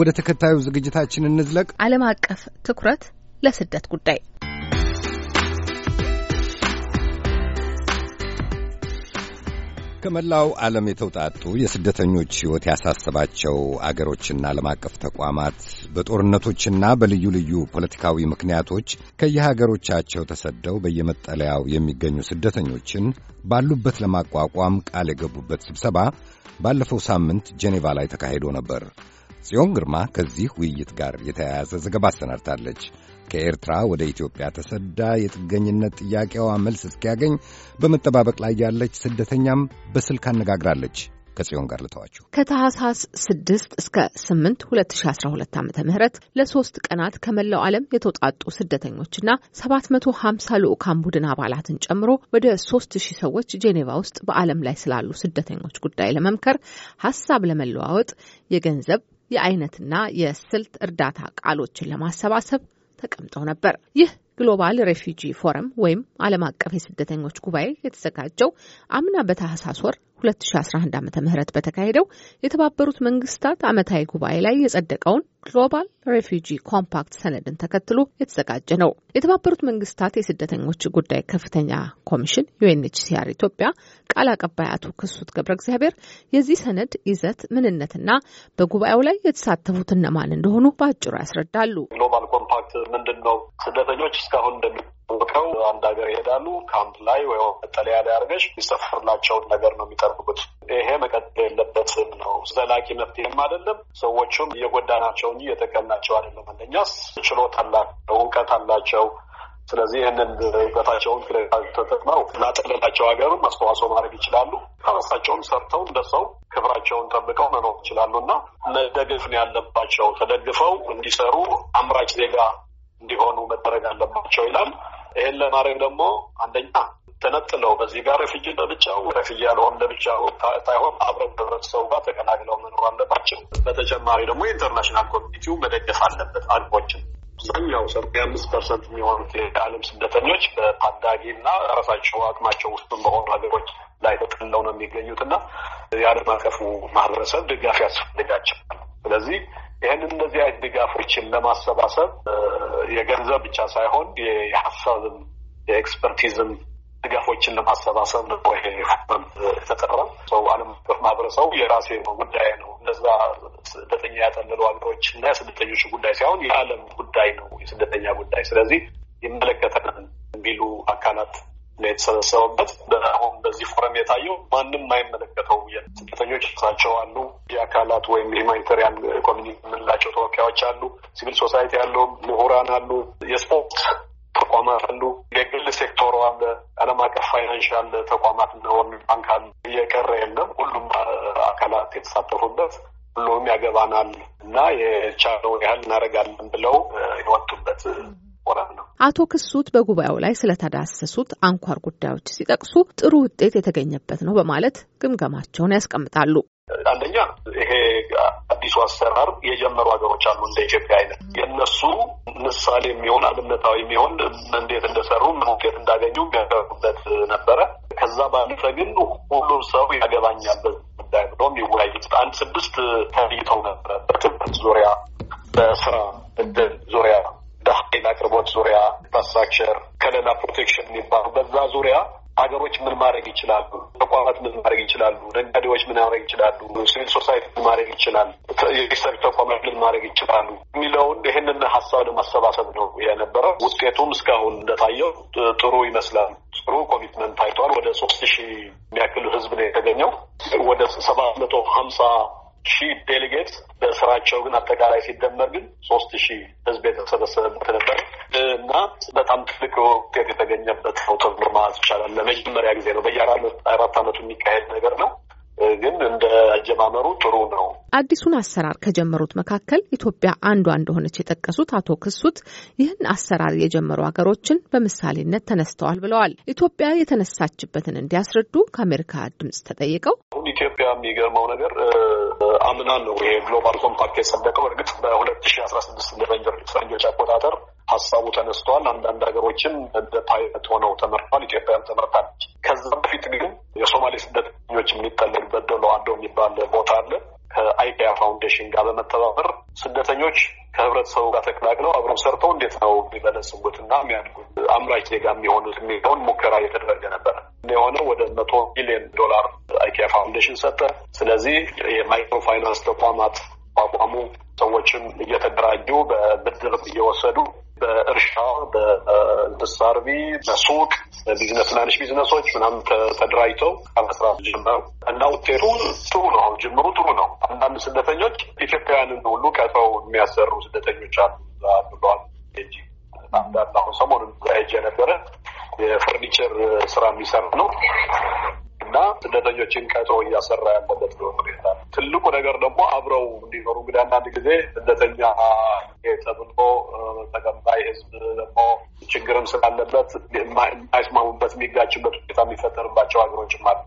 ወደ ተከታዩ ዝግጅታችን እንዝለቅ። ዓለም አቀፍ ትኩረት ለስደት ጉዳይ ከመላው ዓለም የተውጣጡ የስደተኞች ሕይወት ያሳሰባቸው አገሮችና ዓለም አቀፍ ተቋማት በጦርነቶችና በልዩ ልዩ ፖለቲካዊ ምክንያቶች ከየሀገሮቻቸው ተሰደው በየመጠለያው የሚገኙ ስደተኞችን ባሉበት ለማቋቋም ቃል የገቡበት ስብሰባ ባለፈው ሳምንት ጄኔቫ ላይ ተካሂዶ ነበር። ጽዮን ግርማ ከዚህ ውይይት ጋር የተያያዘ ዘገባ አሰናድታለች። ከኤርትራ ወደ ኢትዮጵያ ተሰዳ የጥገኝነት ጥያቄዋ መልስ እስኪያገኝ በመጠባበቅ ላይ ያለች ስደተኛም በስልክ አነጋግራለች። ከጽዮን ጋር ልተዋችሁ። ከታህሳስ 6 እስከ 8 2012 ዓ ም ለሶስት ቀናት ከመላው ዓለም የተውጣጡ ስደተኞችና 750 ልዑካን ቡድን አባላትን ጨምሮ ወደ 3000 ሰዎች ጄኔቫ ውስጥ በዓለም ላይ ስላሉ ስደተኞች ጉዳይ ለመምከር ሀሳብ ለመለዋወጥ የገንዘብ የአይነትና የስልት እርዳታ ቃሎችን ለማሰባሰብ ተቀምጠው ነበር። ይህ ግሎባል ሬፊጂ ፎረም ወይም ዓለም አቀፍ የስደተኞች ጉባኤ የተዘጋጀው አምና በታህሳስ ወር 2011 ዓ ም በተካሄደው የተባበሩት መንግስታት ዓመታዊ ጉባኤ ላይ የጸደቀውን ግሎባል ሬፊጂ ኮምፓክት ሰነድን ተከትሎ የተዘጋጀ ነው። የተባበሩት መንግስታት የስደተኞች ጉዳይ ከፍተኛ ኮሚሽን ዩኤንኤችሲአር ኢትዮጵያ ቃል አቀባይ አቶ ክሱት ገብረ እግዚአብሔር የዚህ ሰነድ ይዘት ምንነትና በጉባኤው ላይ የተሳተፉት እነማን እንደሆኑ በአጭሩ ያስረዳሉ። ግሎባል ኮምፓክት ምንድን ነው? ስደተኞች እስካሁን እንደሚታወቀው አንድ ሀገር ይሄዳሉ። ካምፕ ላይ ወይ መጠለያ ላይ አድርገሽ ሊሰፍርላቸውን ነገር ነው የሚጠብቁት ይሄ መቀጠል የለበትም ነው። ዘላቂ መፍትሄም አይደለም። ሰዎቹም እየጎዳናቸው እንጂ እየጠቀምናቸው አይደለም። አንደኛ ችሎታ አላቸው፣ እውቀት አላቸው። ስለዚህ ይህንን እውቀታቸውን ተጠቅመው ላጠለላቸው ሀገርም አስተዋጽኦ ማድረግ ይችላሉ። ከራሳቸውም ሰርተው ሰው ክብራቸውን ጠብቀው መኖር ይችላሉ እና መደገፍ ነው ያለባቸው። ተደግፈው እንዲሰሩ አምራች ዜጋ እንዲሆኑ መደረግ አለባቸው ይላል። ይህን ለማድረግ ደግሞ አንደኛ ተነጥለው በዚህ ጋር ረፊጂ ለብቻው ረፊጂ ያልሆን ለብቻው ሳይሆን አብረን ህብረተሰቡ ጋር ተቀላቅለው መኖር አለባቸው። በተጨማሪ ደግሞ የኢንተርናሽናል ኮሚኒቲው መደገፍ አለበት አልቦችን አብዛኛው ሰማንያ አምስት ፐርሰንት የሚሆኑት የዓለም ስደተኞች በታዳጊ እና ራሳቸው አቅማቸው ውስጥም በሆኑ ሀገሮች ላይ ተጠለው ነው የሚገኙት እና የዓለም አቀፉ ማህበረሰብ ድጋፍ ያስፈልጋቸዋል። ስለዚህ ይህን እነዚህ አይነት ድጋፎችን ለማሰባሰብ የገንዘብ ብቻ ሳይሆን የሀሳብም የኤክስፐርቲዝም ድጋፎችን ለማሰባሰብ ነው ይሄ ፎረም ሰው አለም አቀፍ ማህበረሰቡ የራሴ ጉዳይ ነው እነዛ ስደተኛ ያጠለሉ ሀገሮች እና የስደተኞች ጉዳይ ሳይሆን የአለም ጉዳይ ነው የስደተኛ ጉዳይ። ስለዚህ ይመለከተናል የሚሉ አካላት ነው የተሰበሰበበት። አሁን በዚህ ፎረም የታየው ማንም አይመለከተው ስደተኞች እራሳቸው አሉ፣ የአካላት ወይም ሂማኒታሪያን ኮሚኒቲ የምንላቸው ተወካዮች አሉ፣ ሲቪል ሶሳይቲ ያለው ምሁራን አሉ፣ የስፖርት ተቋማት አሉ። የግል ሴክተሩ አለ። ዓለም አቀፍ ፋይናንሻል ተቋማት እና ወርልድ ባንክ አለ። እየቀረ የለም። ሁሉም አካላት የተሳተፉበት ሁሉም ያገባናል እና የቻለውን ያህል እናደርጋለን ብለው የወጡበት አቶ ክሱት በጉባኤው ላይ ስለተዳሰሱት አንኳር ጉዳዮች ሲጠቅሱ ጥሩ ውጤት የተገኘበት ነው በማለት ግምገማቸውን ያስቀምጣሉ። አንደኛ ይሄ አዲሱ አሰራር የጀመሩ ሀገሮች አሉ እንደ ኢትዮጵያ አይነት የእነሱ ምሳሌ የሚሆን አብነታዊ የሚሆን እንዴት እንደሰሩ ምን ውጤት እንዳገኙ የሚያቀርቡበት ነበረ። ከዛ ባለፈ ግን ሁሉም ሰው ያገባኛል ጉዳይ ብሎ የሚወያዩት አንድ ስድስት ተይተው ነበረ። በትምህርት ዙሪያ፣ በስራ እድል ዙሪያ፣ በኃይል አቅርቦት ዙሪያ፣ ኢንፍራስትራክቸር፣ ከለላ ፕሮቴክሽን የሚባሉ በዛ ዙሪያ ሀገሮች ምን ማድረግ ይችላሉ? ተቋማት ምን ማድረግ ይችላሉ? ነጋዴዎች ምን ማድረግ ይችላሉ? ሲቪል ሶሳይቲ ምን ማድረግ ይችላል? የሪሰርች ተቋማት ምን ማድረግ ይችላሉ? የሚለውን ይህንን ሀሳብ ለማሰባሰብ ነው የነበረው። ውጤቱም እስካሁን እንደታየው ጥሩ ይመስላል። ጥሩ ኮሚትመንት ታይቷል። ወደ ሶስት ሺህ የሚያክል ህዝብ ነው የተገኘው። ወደ ሰባት መቶ ሀምሳ ሺህ ዴሌጌትስ በስራቸው ግን አጠቃላይ ሲደመር ግን ሶስት ሺህ ህዝብ የተሰበሰበበት ነበር እና በጣም ትልቅ ውጤት የተገኘበት ነው ተብሎ ማለት ይቻላል። ለመጀመሪያ ጊዜ ነው። በየአራት አመቱ የሚካሄድ ነገር ነው። ግን እንደ አጀማመሩ ጥሩ ነው። አዲሱን አሰራር ከጀመሩት መካከል ኢትዮጵያ አንዷ እንደሆነች የጠቀሱት አቶ ክሱት ይህን አሰራር የጀመሩ ሀገሮችን በምሳሌነት ተነስተዋል ብለዋል። ኢትዮጵያ የተነሳችበትን እንዲያስረዱ ከአሜሪካ ድምጽ ተጠይቀው አሁን ኢትዮጵያ የሚገርመው ነገር አምናን ነው ይሄ ግሎባል ኮምፓክት የጸደቀው እርግጥ በሁለት ሺ አስራ ስድስት እንደ ፈረንጆች አቆጣጠር ሀሳቡ ተነስተዋል። አንዳንድ ሀገሮችም እንደ ፓይለት ሆነው ተመርተዋል ኢትዮጵያም ተመርታለች። ከዛ በፊት ግን የሶማሌ ስደተኞች የሚጠለቅበት ደሎ አዶ የሚባል ቦታ አለ። ከአይኪያ ፋውንዴሽን ጋር በመተባበር ስደተኞች ከህብረተሰቡ ጋር ተቀላቅለው አብረው ሰርተው እንዴት ነው የሚበለጽጉት እና የሚያድጉት አምራች ዜጋ የሚሆኑት የሚለውን ሙከራ እየተደረገ ነበር። የሆነ ወደ መቶ ሚሊዮን ዶላር አይኪያ ፋውንዴሽን ሰጠ። ስለዚህ የማይክሮ ፋይናንስ ተቋማት ቋቋሙ ሰዎችም እየተደራጁ በብድር እየወሰዱ በእርሻ በእንስሳ አርቢ በሱቅ ቢዝነስ ትናንሽ ቢዝነሶች ምናምን ተደራጅተው ከመስራት ጀመሩ እና ውጤቱ ጥሩ ነው። ጅምሩ ጥሩ ነው። አንዳንድ ስደተኞች ኢትዮጵያውያንን ሁሉ ቀጥረው የሚያሰሩ ስደተኞች አሉ ብሏል። አንዳንድ አሁን ሰሞኑን ሄጄ የነበረ የፈርኒቸር ስራ የሚሰራ ነው እና ስደተኞችን ቀጥሮ እያሰራ ያለበት ሁኔታ ትልቁ ነገር ደግሞ አብረው እንዲኖሩ እንግዲህ አንዳንድ ጊዜ ስደተኛ ተብሎ ተቀባይ ህዝብ ደግሞ ችግርም ስላለበት የማይስማሙበት የሚጋጭበት ሁኔታ የሚፈጠርባቸው ሀገሮች አሉ።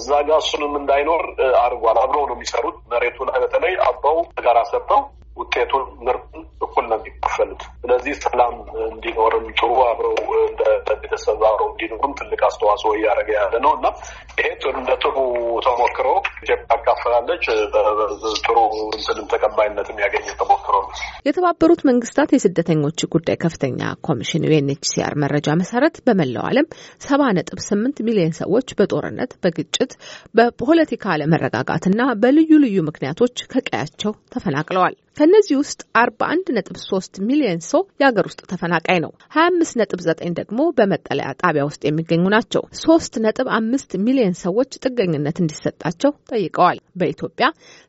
እዛ ጋር እሱንም እንዳይኖር አድርጓል። አብረው ነው የሚሰሩት መሬቱ ላይ በተለይ አብረው ጋር ሰርተው ውጤቱን ምርቱን እኩል ነው የሚከፈሉት። ስለዚህ ሰላም እንዲኖርም ጥሩ አብረው እንደ ቤተሰብ አብረው እንዲኖርም ትልቅ አስተዋጽኦ እያደረገ ያለ ነው እና ይሄ እንደ ጥሩ ተሞክሮ ኢትዮጵያ አካፈላለች። ጥሩ እንትንም ተቀባይነትም ያገኘ ተሞክሮ ነው። የተባበሩት መንግስታት የስደተኞች ጉዳይ ከፍተኛ ኮሚሽን ዩኤንኤችሲአር መረጃ መሰረት በመላው ዓለም ሰባ ነጥብ ስምንት ሚሊዮን ሰዎች በጦርነት በግጭት፣ በፖለቲካ አለመረጋጋትና በልዩ ልዩ ምክንያቶች ከቀያቸው ተፈናቅለዋል። ከእነዚህ ውስጥ 41.3 ሚሊዮን ሰው የሀገር ውስጥ ተፈናቃይ ነው። 25.9 ደግሞ በመጠለያ ጣቢያ ውስጥ የሚገኙ ናቸው። 3.5 ሚሊዮን ሰዎች ጥገኝነት እንዲሰጣቸው ጠይቀዋል። በኢትዮጵያ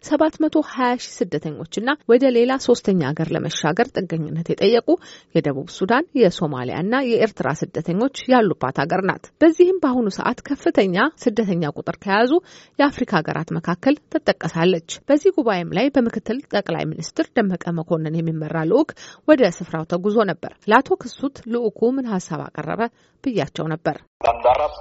720 ሺህ ስደተኞችና ወደ ሌላ ሶስተኛ ሀገር ለመሻገር ጥገኝነት የጠየቁ የደቡብ ሱዳን፣ የሶማሊያና የኤርትራ ስደተኞች ያሉባት ሀገር ናት። በዚህም በአሁኑ ሰዓት ከፍተኛ ስደተኛ ቁጥር ከያዙ የአፍሪካ ሀገራት መካከል ትጠቀሳለች። በዚህ ጉባኤም ላይ በምክትል ጠቅላይ ሚኒስትር ሚኒስትር ደመቀ መኮንን የሚመራ ልዑክ ወደ ስፍራው ተጉዞ ነበር። ለአቶ ክሱት ልዑኩ ምን ሀሳብ አቀረበ ብያቸው ነበር። አንድ አራት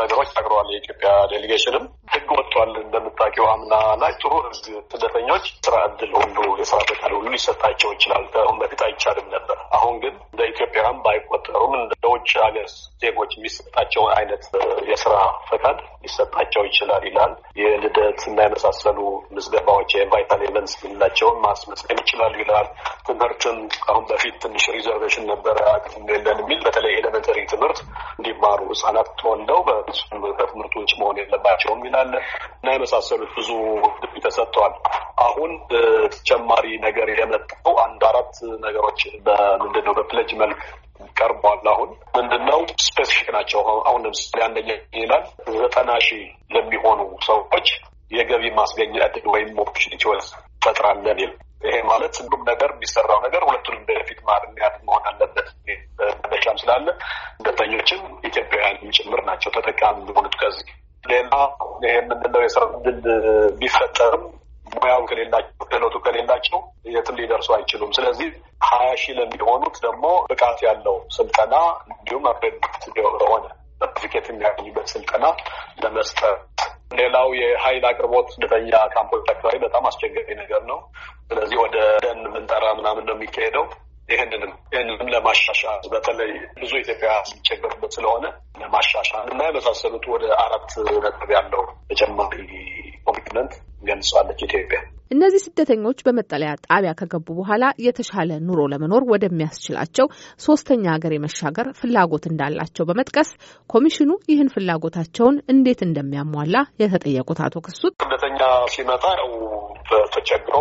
ነገሮች ተናግረዋል። የኢትዮጵያ ዴሊጌሽንም ህግ ወጥቷል እንደምታውቂው አምና ላይ ጥሩ ህግ ስደተኞች ስራ እድል ሁሉ የስራ ፈቃድ ሁሉ ሊሰጣቸው ይችላል። ከአሁን በፊት አይቻልም ነበር። አሁን ግን እንደ ኢትዮጵያም ባይቆጠሩም እንደ ውጭ ሀገር ዜጎች የሚሰጣቸው አይነት የስራ ፈቃድ ሊሰጣቸው ይችላል ይላል። የልደት እና የመሳሰሉ ምዝገባዎች የቫይታል ኤቨንትስ የምንላቸውን ማስመዝገብ ይችላሉ ይላል። ትምህርትም አሁን በፊት ትንሽ ሪዘርቬሽን ነበረ አቅም የለን የሚል በተለይ ኤሌመንተሪ ትምህርት እንዲማሩ ህጻናት ተወልደው በሱም ውጭ መሆን የለባቸውም ይላል እና የመሳሰሉት ብዙ ተሰጥተዋል። አሁን ተጨማሪ ነገር የመጣው አንድ አራት ነገሮች በምንድነው በፕለጅ መልክ ቀርቧል። አሁን ምንድነው ስፔሲፊክ ናቸው። አሁን ለምሳሌ አንደኛ ይላል ዘጠና ሺህ ለሚሆኑ ሰዎች የገቢ ማስገኛ እድል ወይም ኦፖርቹኒቲ ፈጥራለን ይል ይሄ ማለት ሁሉም ነገር የሚሰራው ነገር ሁለቱንም በፊት ማርሚያት መሆን አለበት መለሻም ስላለ ስደተኞችም ኢትዮጵያውያን ጭምር ናቸው ተጠቃሚ የሆኑት። ከዚህ ሌላ ይሄ የምንለው የስራ እድል ቢፈጠርም ሙያው ከሌላቸው ክህሎቱ ከሌላቸው የትም ሊደርሱ አይችሉም። ስለዚህ ሀያ ሺህ ለሚሆኑት ደግሞ ብቃት ያለው ስልጠና እንዲሁም አበግት ሆነ ሰርቲፊኬት የሚያገኝበት ስልጠና ለመስጠት ሌላው የሀይል አቅርቦት ስደተኛ ካምፖች አካባቢ በጣም አስቸጋሪ ነገር ነው። ስለዚህ ወደ ደን ምንጠራ ምናምን ነው የሚካሄደው። ይህንንም ይህንንም ለማሻሻል በተለይ ብዙ ኢትዮጵያ የሚቸገሩበት ስለሆነ ለማሻሻል እና የመሳሰሉት ወደ አራት ነጥብ ያለው ተጨማሪ ኮሚትመንት ገንጸዋለች ኢትዮጵያ። እነዚህ ስደተኞች በመጠለያ ጣቢያ ከገቡ በኋላ የተሻለ ኑሮ ለመኖር ወደሚያስችላቸው ሶስተኛ ሀገር የመሻገር ፍላጎት እንዳላቸው በመጥቀስ ኮሚሽኑ ይህን ፍላጎታቸውን እንዴት እንደሚያሟላ የተጠየቁት አቶ ክሱት ስደተኛ ሲመጣ ያው ተቸግሮ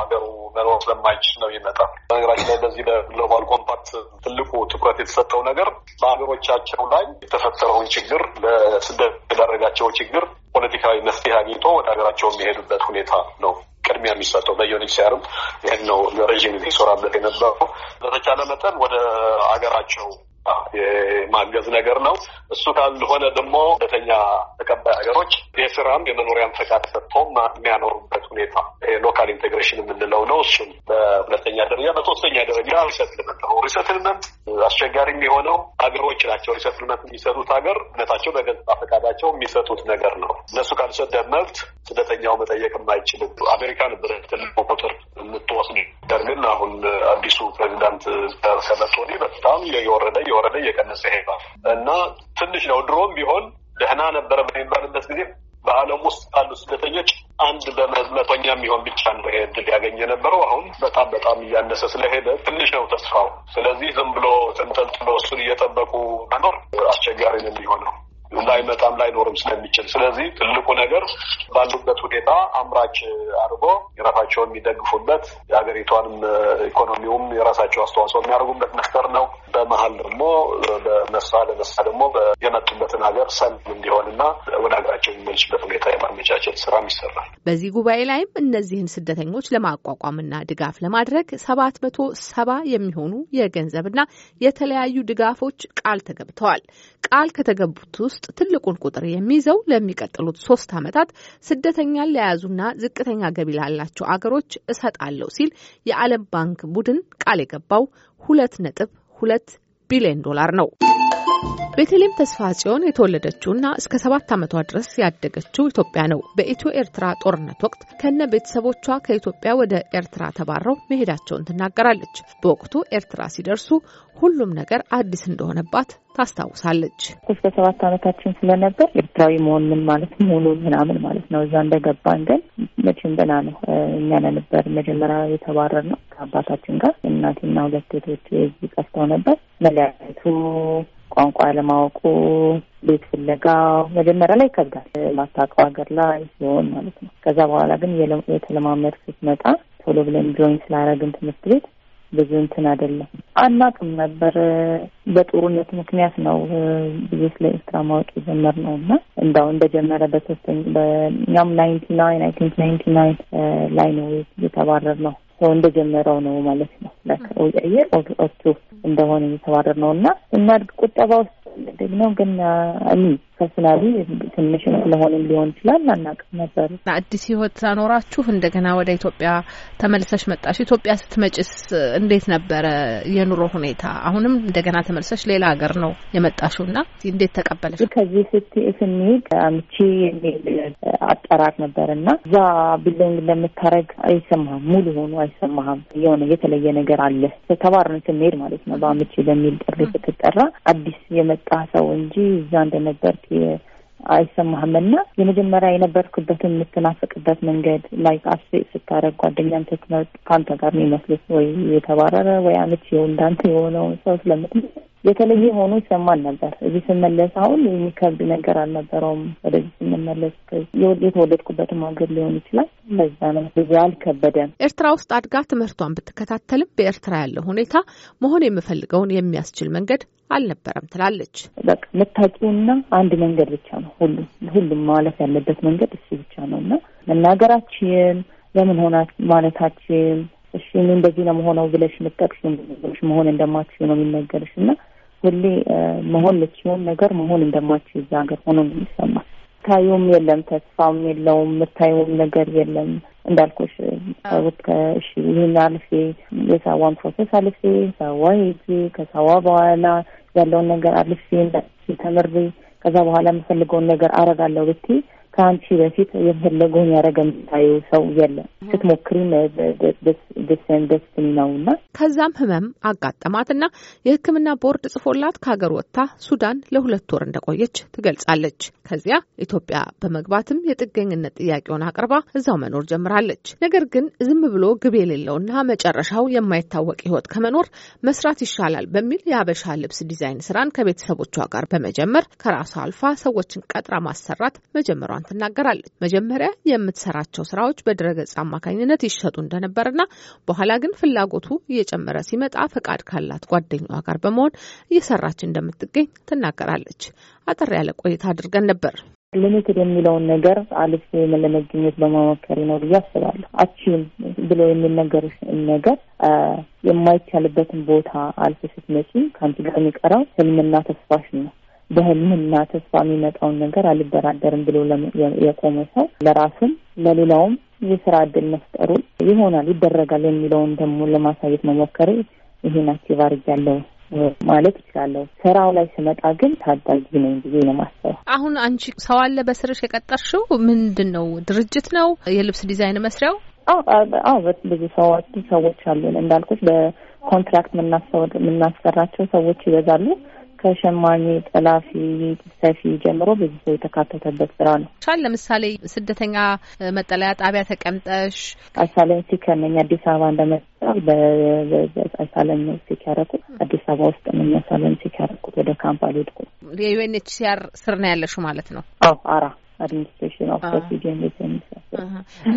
ሀገሩ መኖር ስለማይችል ነው ይመጣ። በነገራችን ላይ በዚህ ለግሎባል ኮምፓክት ትልቁ ትኩረት የተሰጠው ነገር በሀገሮቻቸው ላይ የተፈጠረውን ችግር ለስደት የዳረጋቸው ችግር ፖለቲካዊ መፍትሄ አግኝቶ ወደ ሀገራቸው የሚሄዱበት ሁኔታ ነው ቅድሚያ የሚሰጠው በዩኤንኤችሲአርም ይህን ነው ለረዥም ጊዜ ይሰራበት የነበረው። በተቻለ መጠን ወደ ሀገራቸው የማገዝ ነገር ነው። እሱ ካልሆነ ደግሞ ሁለተኛ ተቀባይ ሀገሮች የስራም የመኖሪያም ፈቃድ ሰጥቶም የሚያኖሩበት ሁኔታ ሎካል ኢንቴግሬሽን የምንለው ነው። እሱም በሁለተኛ ደረጃ፣ በሶስተኛ ደረጃ ሪሰትልመንት ነው። ሪሰትልመንት አስቸጋሪ የሆነው ሀገሮች ናቸው። ሪሰትልመንት የሚሰጡት ሀገር ነታቸው በገዛ ፈቃዳቸው የሚሰጡት ነገር ነው። እነሱ ካልሰደ መብት ስደተኛው መጠየቅ የማይችልም አሜሪካን ነበረች ትልቁ ቁጥር የምትወስድ ነገር ግን አሁን አዲሱ ፕሬዚዳንት ከመቶኒ በጣም የወረደ እየወረደ እየቀነሰ ሄዷል እና ትንሽ ነው። ድሮም ቢሆን ደህና ነበረ በሚባልበት ጊዜ በዓለም ውስጥ ካሉ ስደተኞች አንድ በመቶኛ የሚሆን ብቻ ነው ይሄ እድል ያገኘ የነበረው። አሁን በጣም በጣም እያነሰ ስለሄደ ትንሽ ነው ተስፋው። ስለዚህ ዝም ብሎ ተንጠልጥሎ እሱን እየጠበቁ መኖር አስቸጋሪ ነው የሚሆነው። ላይመጣም ላይኖርም ስለሚችል ስለዚህ ትልቁ ነገር ባሉበት ሁኔታ አምራች አድርጎ የራሳቸውን የሚደግፉበት የሀገሪቷንም ኢኮኖሚውም የራሳቸው አስተዋጽኦ የሚያደርጉበት መፍጠር ነው። በመሀል ደግሞ በመሳ ለመሳ ደግሞ የመጡበትን ሀገር ሰልፍ እንዲሆንና ወደ ሀገራቸው የሚመልሱበት ሁኔታ የማመቻቸት ስራም ይሰራል። በዚህ ጉባኤ ላይም እነዚህን ስደተኞች ለማቋቋምና ድጋፍ ለማድረግ ሰባት መቶ ሰባ የሚሆኑ የገንዘብና የተለያዩ ድጋፎች ቃል ተገብተዋል። ቃል ከተገቡት ውስጥ ውስጥ ትልቁን ቁጥር የሚይዘው ለሚቀጥሉት ሶስት ዓመታት ስደተኛን ለያዙና ዝቅተኛ ገቢ ላላቸው አገሮች እሰጣለሁ ሲል የዓለም ባንክ ቡድን ቃል የገባው ሁለት ነጥብ ሁለት ቢሊዮን ዶላር ነው። ቤተልሔም ተስፋ ጽዮን የተወለደችውና እስከ ሰባት ዓመቷ ድረስ ያደገችው ኢትዮጵያ ነው። በኢትዮ ኤርትራ ጦርነት ወቅት ከነ ቤተሰቦቿ ከኢትዮጵያ ወደ ኤርትራ ተባረው መሄዳቸውን ትናገራለች። በወቅቱ ኤርትራ ሲደርሱ ሁሉም ነገር አዲስ እንደሆነባት ታስታውሳለች። እስከ ሰባት ዓመታችን ስለነበር ኤርትራዊ መሆን ምን ማለት ሙሉ ምናምን ማለት ነው። እዛ እንደገባን ግን መቼም ገና ነው። እኛ ነበር መጀመሪያ የተባረር ነው ከአባታችን ጋር እናቴና ሁለት ቤቶች ጠፍተው ነበር መለያየቱ ቋንቋ አለማወቁ፣ ቤት ፍለጋው መጀመሪያ ላይ ይከብዳል፣ ማታውቀው ሀገር ላይ ሲሆን ማለት ነው። ከዛ በኋላ ግን የተለማመድ ስትመጣ ቶሎ ብለን ጆይን ስላረግን ትምህርት ቤት ብዙ እንትን አይደለም አናውቅም ነበር። በጦርነት ምክንያት ነው ብዙ ስለ ኤርትራ ማወቅ የጀመር ነው እና እንዳው እንደጀመረ በሶስተኛ በእኛም ናይንቲ ናይን አይ ቲንክ ናይንቲ ናይን ላይ ነው የተባረር ነው ሰው እንደጀመረው ነው ማለት ነው። ለሰውዬ ኦርቶዶክስ እንደሆነ እየተባረር ነው እና እና ቁጠባ ውስጥ ደግሞ ግን ፐርሰናሊ ትንሽ ስለሆንም ሊሆን ይችላል አናውቅም ነበር። አዲስ ህይወት ሳኖራችሁ እንደገና ወደ ኢትዮጵያ ተመልሰሽ መጣሽ። ኢትዮጵያ ስትመጭስ እንዴት ነበረ የኑሮ ሁኔታ? አሁንም እንደገና ተመልሰሽ ሌላ ሀገር ነው የመጣሽው እና እንዴት ተቀበለሽ? ከዚህ ስት ስንሄድ አምቺ የሚል አጠራር ነበር እና እዛ ቢሎንግ እንደምታረግ አይሰማህም፣ ሙሉ ሆኑ አይሰማህም። የሆነ የተለየ ነገር አለ ተባርን ስንሄድ ማለት ነው። በአምቺ በሚል ጥሪ ስትጠራ አዲስ የመጣ ሰው እንጂ እዛ እንደነበር አይሰማህም እና የመጀመሪያ የነበርኩበት የምትናፍቅበት መንገድ ላይ አስ ስታደርግ ጓደኛም ስትመርጥ ከአንተ ጋር የሚመስሉት ወይ የተባረረ ወይ አመች እንዳንተ ሰው ስለምት የተለየ ሆኖ ይሰማን ነበር። እዚህ ስመለስ አሁን የሚከብድ ነገር አልነበረውም። ወደዚህ ስንመለስ የተወለድኩበትም ሀገር ሊሆን ይችላል። ለዛ ነው ብዙ አልከበደም። ኤርትራ ውስጥ አድጋ ትምህርቷን ብትከታተልም በኤርትራ ያለው ሁኔታ መሆን የምፈልገውን የሚያስችል መንገድ አልነበረም ትላለች። በቃ ምታውቂውና አንድ መንገድ ብቻ ነው። ሁሉም ሁሉም ማለፍ ያለበት መንገድ እሱ ብቻ ነው እና መናገራችን ለምን ሆና ማለታችን እሺ እኔ እንደዚህ ነው መሆነው ብለሽ ምጠቅሽ ነገሮች መሆን እንደማችው ነው የሚነገርሽ እና ሁሌ መሆን ልችሆን ነገር መሆን እንደማችው እዛ ሀገር ሆኖ ነው የሚሰማ ታዩም የለም ተስፋም የለውም የምታዩም ነገር የለም። እንዳልኩሽ እሺ ይህን አልፌ የሳዋን ፕሮሰስ አልፌ ሳዋ ሄጄ ከሳዋ በኋላ ያለውን ነገር አልፌ ተምሬ ከዛ በኋላ የምፈልገውን ነገር አረጋለሁ ብቴ ከአንቺ በፊት የፈለገውን ያደረገ የምታየው ሰው የለም። ስትሞክሪም ደስን ደስትን ነው እና ከዛም ህመም አጋጠማትና የህክምና ቦርድ ጽፎላት ከሀገር ወጥታ ሱዳን ለሁለት ወር እንደቆየች ትገልጻለች። ከዚያ ኢትዮጵያ በመግባትም የጥገኝነት ጥያቄውን አቅርባ እዛው መኖር ጀምራለች። ነገር ግን ዝም ብሎ ግብ የሌለውና መጨረሻው የማይታወቅ ህይወት ከመኖር መስራት ይሻላል በሚል የአበሻ ልብስ ዲዛይን ስራን ከቤተሰቦቿ ጋር በመጀመር ከራሷ አልፋ ሰዎችን ቀጥራ ማሰራት መጀመሯን ብርሃን ትናገራለች። መጀመሪያ የምትሰራቸው ስራዎች በድረገጽ አማካኝነት ይሸጡ እንደነበርና በኋላ ግን ፍላጎቱ እየጨመረ ሲመጣ ፈቃድ ካላት ጓደኛዋ ጋር በመሆን እየሰራች እንደምትገኝ ትናገራለች። አጠር ያለ ቆይታ አድርገን ነበር። ሊሚትድ የሚለውን ነገር አልፍ ለመገኘት በመሞከር ነው ብዬ አስባለሁ። አቺን ብሎ የሚነገሩ ነገር የማይቻልበትን ቦታ አልፍ ስትመጪ ከአንቺ ጋር የሚቀረው ህልምና ተስፋሽ ነው። በህልምና ተስፋ የሚመጣውን ነገር አልደራደርም ብሎ የቆመ ሰው ለራሱም ለሌላውም የስራ እድል መፍጠሩ ይሆናል ይደረጋል የሚለውን ደግሞ ለማሳየት መሞከሬ ይሄን አክቲቭ አድርጊያለሁ ማለት እችላለሁ። ስራው ላይ ስመጣ ግን ታዳጊ ነኝ ብዬ ነው ማሰብ። አሁን አንቺ ሰው አለ በስርሽ የቀጠርሽው ምንድን ነው? ድርጅት ነው? የልብስ ዲዛይን መስሪያው? አዎ ብዙ ሰዎች ሰዎች አሉን በኮንትራክት የምናሰራቸው ሰዎች ይበዛሉ። ከሸማኔ፣ ጠላፊ፣ ሰፊ ጀምሮ ብዙ ሰው የተካተተበት ስራ ነው። ቻል ለምሳሌ ስደተኛ መጠለያ ጣቢያ ተቀምጠሽ አሳለኝ ሲከነኝ አዲስ አበባ እንደመጣ በአሳለኝ ሲክ ያረኩት አዲስ አበባ ውስጥ ነኝ። አሳለኝ ሲክ ያረኩት ወደ ካምፕ አልሄድኩም። የዩኤንኤችሲአር ስር ነው ያለሹ ማለት ነው? አዎ አራ አድሚኒስትሬሽን ኦፍ ፕሮሲዲንግ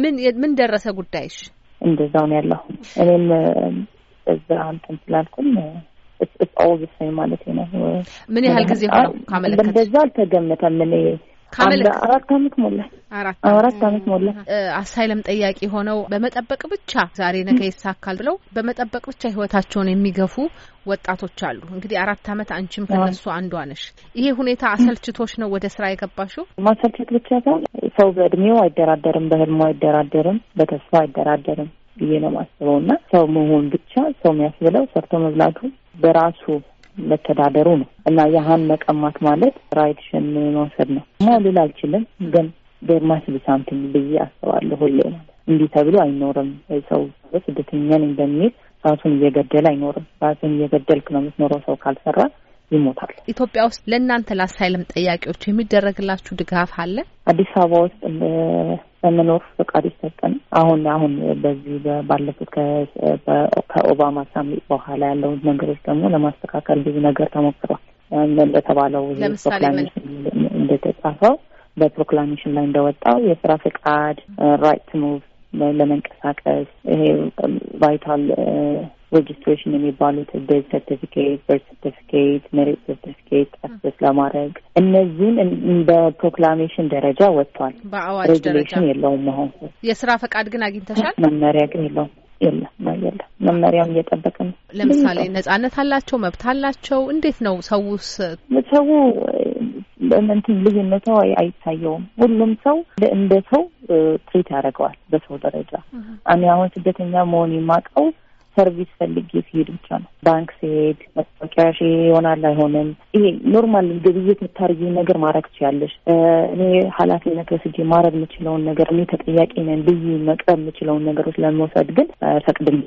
ምን ምን ደረሰ ጉዳይሽ? እንደዛውን ያለሁ እኔም እዛ አንተን ስላልኩም ኦል ዘ ማለት ነው። ምን ያህል ጊዜ ሆነው ካመለከት? በዛ አልተገመተም። ምን አራት አመት ሞላ አራት አመት ሞላ። አሳይለም ጠያቂ ሆነው በመጠበቅ ብቻ ዛሬ ነገ ይሳካል ብለው በመጠበቅ ብቻ ህይወታቸውን የሚገፉ ወጣቶች አሉ። እንግዲህ አራት አመት አንቺም ከነሱ አንዷ ነሽ። ይሄ ሁኔታ አሰልችቶች ነው ወደ ስራ የገባሽው? ማሰልቸት ብቻ ሳይሆን ሰው በእድሜው አይደራደርም፣ በህልሙ አይደራደርም፣ በተስፋ አይደራደርም ብዬ ነው ማስበው እና ሰው መሆን ብቻ ሰው የሚያስብለው ሰርቶ መብላቱ በራሱ መተዳደሩ ነው እና ያህን መቀማት ማለት ራይድሽን መውሰድ ነው እና ልል አልችልም፣ ግን ዶርማስ ብሳምትን ብዬ አስባለሁ ሁሌ ማለት እንዲህ ተብሎ አይኖርም። ሰው ስደተኛን በሚል ራሱን እየገደል አይኖርም። ራሱን እየገደልክ ነው የምትኖረው ሰው ካልሰራ ይሞታል። ኢትዮጵያ ውስጥ ለእናንተ ለአሳይለም ጠያቂዎች የሚደረግላችሁ ድጋፍ አለ? አዲስ አበባ ውስጥ ለመኖር ፈቃድ ይሰጠን። አሁን አሁን በዚህ ባለፉት ከኦባማ ሳሚት በኋላ ያለውን ነገሮች ደግሞ ለማስተካከል ብዙ ነገር ተሞክሯል። እንደተባለው እንደተጻፈው በፕሮክላሜሽን ላይ እንደወጣው የስራ ፈቃድ ራይት ቱ ሙቭ ለመንቀሳቀስ ይሄ ቫይታል ሬጅስትሬሽን የሚባሉት ቤዝ ሰርቲፊኬት፣ በርት ሰርቲፊኬት፣ ሜሪት ሰርቲፊኬት አክሰስ ለማድረግ እነዚህን በፕሮክላሜሽን ደረጃ ወጥቷል። በአዋጅ ደረጃ የለውም። አሁን የስራ ፈቃድ ግን አግኝተሻል። መመሪያ ግን የለውም። የለም የለም። መመሪያም እየጠበቀ ነው። ለምሳሌ ነጻነት አላቸው፣ መብት አላቸው። እንዴት ነው ሰውስ ሰው እንትን ልዩነቱ አይታየውም። ሁሉም ሰው እንደ ሰው ትሪት ያደርገዋል በሰው ደረጃ። እኔ አሁን ስደተኛ መሆን የማውቀው ሰርቪስ ፈልጌ ሲሄድ ብቻ ነው። ባንክ ሲሄድ መታወቂያ ሺ ይሆናል አይሆንም። ይሄ ኖርማል ግብይት የምታርጊ ነገር ማድረግ ትችያለሽ። እኔ ኃላፊነት ወስጄ ማድረግ የምችለውን ነገር እኔ ተጠያቂ ነን ብዬ መቅረብ የምችለውን ነገሮች ለመውሰድ ግን ፈቅድም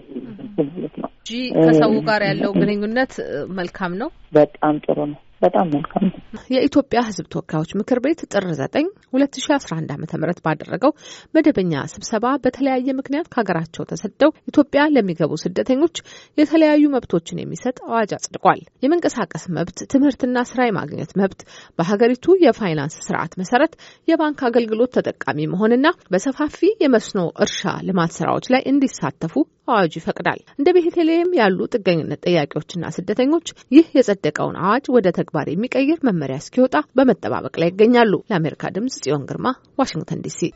ማለት ነው እንጂ ከሰው ጋር ያለው ግንኙነት መልካም ነው። በጣም ጥሩ ነው። በጣም መልካም ነው። የኢትዮጵያ ሕዝብ ተወካዮች ምክር ቤት ጥር ዘጠኝ ሁለት ሺ አስራ አንድ ዓመተ ምህረት ባደረገው መደበኛ ስብሰባ በተለያየ ምክንያት ከሀገራቸው ተሰደው ኢትዮጵያ ለሚገቡ ስደተኞች የተለያዩ መብቶችን የሚሰጥ አዋጅ አጽድቋል። የመንቀሳቀስ መብት፣ ትምህርትና ስራ የማግኘት መብት፣ በሀገሪቱ የፋይናንስ ስርዓት መሰረት የባንክ አገልግሎት ተጠቃሚ መሆንና በሰፋፊ የመስኖ እርሻ ልማት ስራዎች ላይ እንዲሳተፉ አዋጁ ይፈቅዳል። እንደ ቤተልሔም ያሉ ጥገኝነት ጠያቂዎችና ስደተኞች ይህ የጸደቀውን አዋጅ ወደ ተግባር የሚቀይር መመሪያ እስኪወጣ በመጠባበቅ ላይ ይገኛሉ። ለአሜሪካ ድምጽ ጽዮን ግርማ ዋሽንግተን ዲሲ